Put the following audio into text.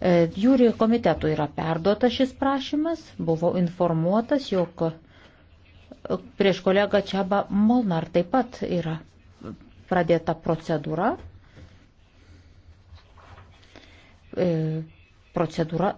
E, jūri komitetų yra perduotas šis prašymas, buvo informuotas, jog e, prieš kolegą Čiabą Molnar taip pat yra pradėta procedūra. E, procedūra